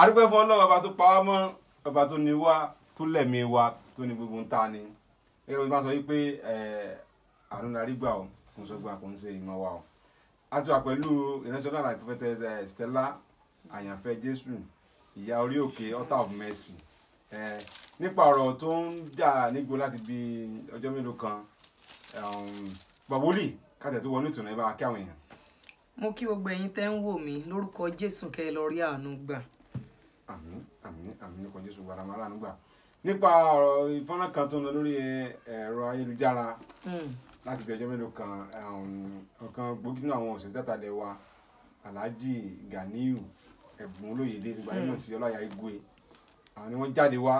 adúpẹ́ fún ọlọ́run ọba tó pa wá mọ́ ọba tó ní wá tó lẹ̀mí wa tó ní gbogbo ń ta ni gẹ́gẹ́ bí wọ́n sọ wípé àrùn darí gbà ó kò sọ gbà kò ń ṣe ìmọ̀ wa ó a ti wà pẹ̀lú ìránṣẹ́ ọlọ́run àti Stella àyànfẹ́ Jésù ìyá orí òkè altar of mercy nípa ọ̀rọ̀ tó ń dà nígbó láti bí ọjọ́ mélòó kan gbàwólì um, kájà tó wọnú ìtùnú ẹ bá kí àwọn èèyàn. mo kí gbogbo ẹ̀yin tẹ́ ń wò mí lórúkọ Jésù kẹ́ ẹ lọ rí àánú gbà àmín àmín àmín ní kọjú ṣùgbọ́n àmọ́ aláàánú gbà nípa ọ̀rọ̀ ìfọ́nrán kan tó ń lọ lórí eh, ẹ̀rọ ayélujára hmm. láti bí ọjọ́ mélòó kan um, ọ̀kan gbòógì nínú àwọn òṣèré tàtà lẹ̀ wa Alhaji Ganiyu Ẹ̀bùn Olóyèdé nígbà yẹn mọ̀ sí Ọláyà Igwe àwọn ni wọ́n jáde wá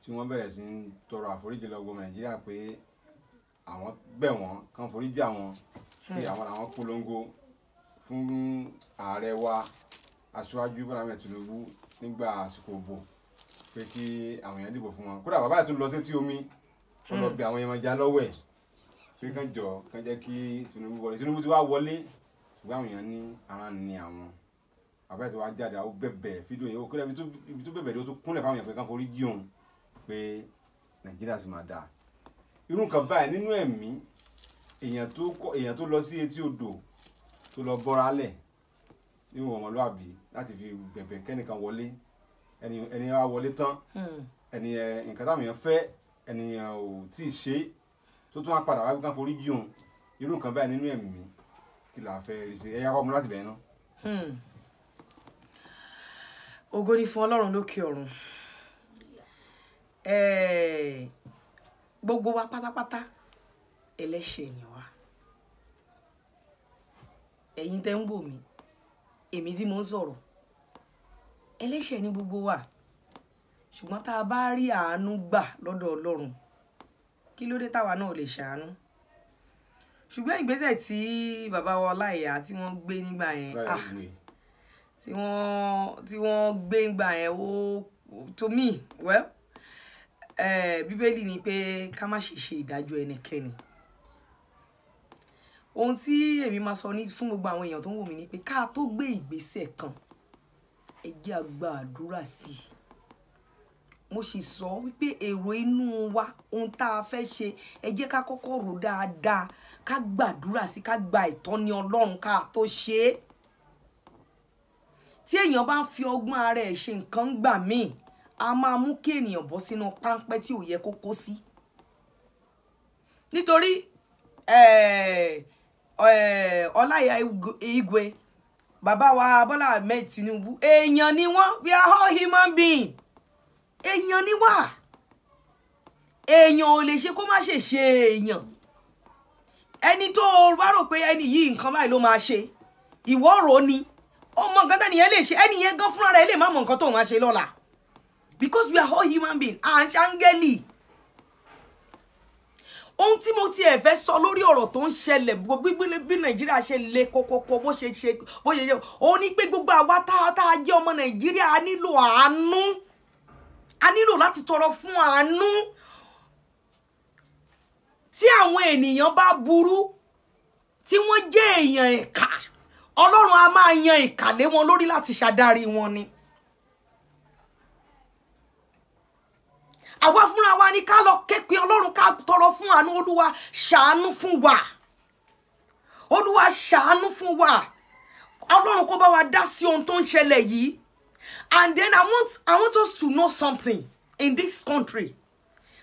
tí wọ́n bẹ̀rẹ̀ sí ń tọrọ àforíjì lọ́gbọ̀n Nàìjíríà pé àwọn bẹ̀ wọ́n kàn foríjì àwọn tí hmm. àwọn làwọn polongo fún ààrẹ wa aṣáájú Bọ́lá Ahmed Tinubu nígbà àsìkò òbò pé kí àwọn èèyàn dìbò fún wọn kódà bàbá ìtún lọ sí etí omi wọn lọ hmm. bẹ àwọn èèyàn já lọ́wọ́ ẹ̀ pé kàn jọ kàn jẹ́ kí Tinubu wọlé Tinubu ti wá wọlé ṣùgbọ́n àwọn èèyàn ní ara ní àwọn bàbá ìtún wá jáde àwọn bẹ̀bẹ̀ fídíò yẹn kódà ibi tó bẹ̀bẹ̀ ló tó kúnlẹ̀ fáwọn èèyàn pé kàn forí jí òun pé Nàìjíríà sì máa dáa irú nǹkan báyìí nínú ẹ̀mí èèyàn tó lọ sí etí odò tó lọ bọ́ra lẹ̀ níwọ̀n ọmọlúàbí láti fi bẹ̀bẹ̀ kẹ́nìkan wọlé ẹni ẹni á wọlé tán hmm. ẹni ẹ nǹkan táwọn èèyàn fẹ́ ẹni ẹ ò tí ì ṣe tó tún wá padà wá gbọ́n forí jùn irú nǹkan báyìí nínú ẹ̀mí kí là á fẹ́ rí sí ẹ̀yà ọmọ láti bẹ̀ẹ́ náà. Hmm. ògo ni fún ọlọ́run lókè ọ̀run gbogbo wa pátápátá ẹlẹ́ṣẹ̀ ni wa ẹ̀yin tẹ́ ń wò mí èmi tí mo ń sọ̀rọ̀ ẹlẹ́ṣẹ̀ ni gbogbo wa ṣùgbọ́n tá a bá rí àánú gbà lọ́dọ̀ Ọlọ́run kí ló dé táwa náà lè ṣàánú ṣùgbọ́n ìgbésẹ̀ tí bàbá wa Ọláìyá tí wọ́n gbé nígbà yẹn ah, tí wọ́n tí wọ́n gbé nígbà yẹn ó to me well eh, bíbélì ni pé ká má ṣe ṣe ìdájọ́ ẹnikẹ́ni ohun tí èmi máa sọ fún gbogbo àwọn èèyàn tó ń wò mí ni pé ká tó gbé ìgbésẹ̀ kan ẹ jẹ́ a gba àdúrà sí i mo sì sọ wípé èrò inú wa ohun tá a fẹ́ ṣe ẹ jẹ́ ká kọ́kọ́ rò dáadáa ká gbàdúrà sí ká gba ìtọ́ni ọlọ́run ká tó ṣe é tí èèyàn bá ń fi ọgbọ́n ara ẹ̀ ṣe nǹkan gbà míì a máa mú kí ènìyàn bọ́ sínú páńpẹ́ tí ò yẹ kó kó sí nítorí ẹ̀ẹ́ Eh, ọláyà igwe bàbá wa bọ́lá ahmed tinubu èèyàn ni wọ́n we are all human being èèyàn ni wà èèyàn ò lè ṣe kó má ṣe ṣe èèyàn ẹni tó bá rò pé ẹni yìí nǹkan báyìí ló máa ṣe ìwọ rò ó ni ó mọ nǹkan tẹ́nìyẹn lè ṣe ẹnìyẹn gan fúnra rẹ̀ lè má mọ nǹkan tó máa ṣe lọ́la because we are all human beings à ń ṣe ohun tí mo tiẹ̀ fẹ́ sọ lórí ọ̀rọ̀ tó ń ṣẹlẹ̀ gbígbélé bí nàìjíríà ṣe le kokoko bó ṣe ṣe bó ṣe ṣe òun ni pé gbogbo àwa tá a jẹ́ ọmọ nàìjíríà a nílò àánú a nílò láti tọrọ fún àánú tí àwọn ènìyàn bá burú tí wọ́n jẹ́ èèyàn ìkà ọlọ́run a máa yan ìkà wọn lórí láti ṣàdárí wọn ni. àwa fúnra wa ni ká lọ képe ọlọ́run ká tọrọ fún àánú olúwa ṣàánú fún wa olúwa ṣàánú fún wa ọlọ́run kó bá wa dá sí ohun tó ń ṣẹlẹ̀ yìí and then I want, I want us to know something in this country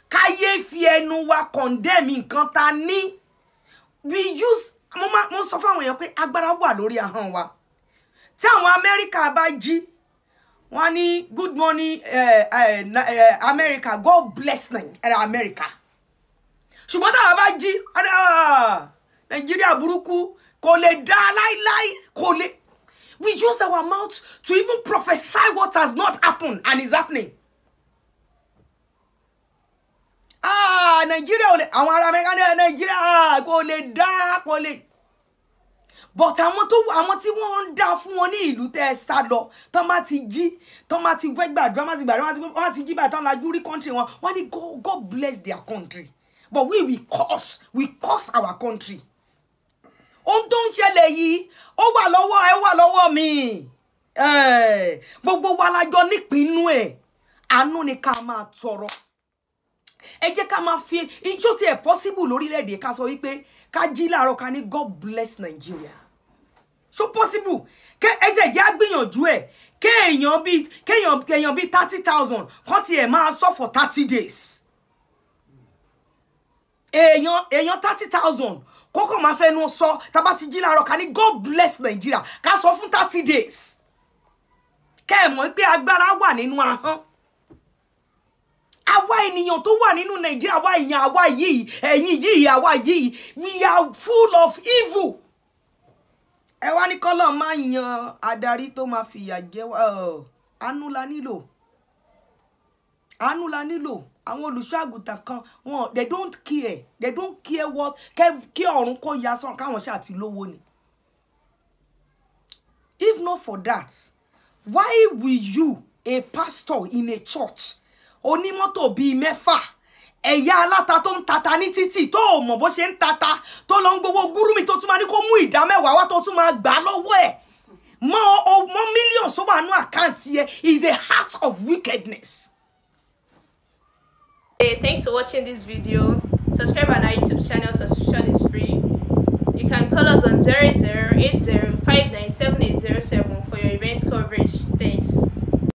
káyé fi ẹnu wa condemn nǹkan ta ní we use mo sọ fún àwọn èèyàn pé agbára wà lórí ahọ́n wa tí àwọn Amẹ́ríkà bá jí wọ́n ní good morning uh, uh, America God bless eh, America ṣùgbọ́n táwa bá jí Nàìjíríà ah, burúkú kò lè dá láíláí kò lè we use our mouth to even prophesy what has not happened and is happening. Ah, Nàìjíríà ò lè àwọn ará Amẹ́ríkà Nàìjíríà ah, kò lè dá kò lè but àwọn tó àwọn tí wọ́n ń dá fún wọn ní ìlú tẹ́ ẹ sá lọ tán bá ti jí tán bá ti wẹ́ gbàdúrà má ti gbàdúrà má ti jí báyìí tán lajú rí country wọn wọ́n ní God bless their country but we we curse we curse our country ohun tó ń ṣẹlẹ̀ yìí ó wà lọ́wọ́ ẹ wà lọ́wọ́ mi eh, gbogbo wa la jọ nípinnu ẹ̀ àánú ni ká máa tọrọ ẹ jẹ́ ká máa fi ijó tiẹ̀ possible lórílẹ̀‐èdè ká sọ wípé ká jí láàárọ̀ ká ní God bless Nigeria So possible ké ẹjẹ jẹ́ àgbìyànjú ẹ̀ kéèyàn bíi kéèyàn kéèyàn bíi thirty thousand kan tiẹ̀ máa sọ for thirty days èèyàn èèyàn thirty thousand kókò máa fẹ́ nu sọ tábà ti jí láàárọ̀ ká ní God bless Nigeria ká sọ fún thirty days kẹ́ ẹ̀ mọ̀ pé agbára wà nínú ahọ́n àwa ènìyàn tó wà nínú Nàìjíríà àwa èèyàn àwa yìí ẹ̀yin yìí àwa we are full of evil ẹ wá ní kọ́lọ̀ máa yan adarí tó máa fìyà jẹ wá àánú la nílò àánú la nílò àwọn olùṣọ́ kan wọn they don't care they don't care what kí ọ̀run kó ya sọ̀rọ̀ káwọn ṣáà ti lówó ni if not for that why will you a pastor in a church onímọ́tò bíi mẹ́fà ẹ̀yà aláta tó ń tata ní títì tó ò mọ̀ bó ṣe ń tata tó lọ ń gbowó gúrúmì tó tún máa ní kó mú ìdá mẹ́wàá wá tó tún máa gbà lọ́wọ́ ẹ̀ mọ́ ọmọ mílíọ̀n sọ́wọ́ àánú àkáǹtì ẹ̀ is a heart of wickedness. Hey, thanks for watching this video. Subscribe on our YouTube channel, subscription is free. You can call us on zero zero zero zero eight eight five nine seven seven for your event coverage. Thanks.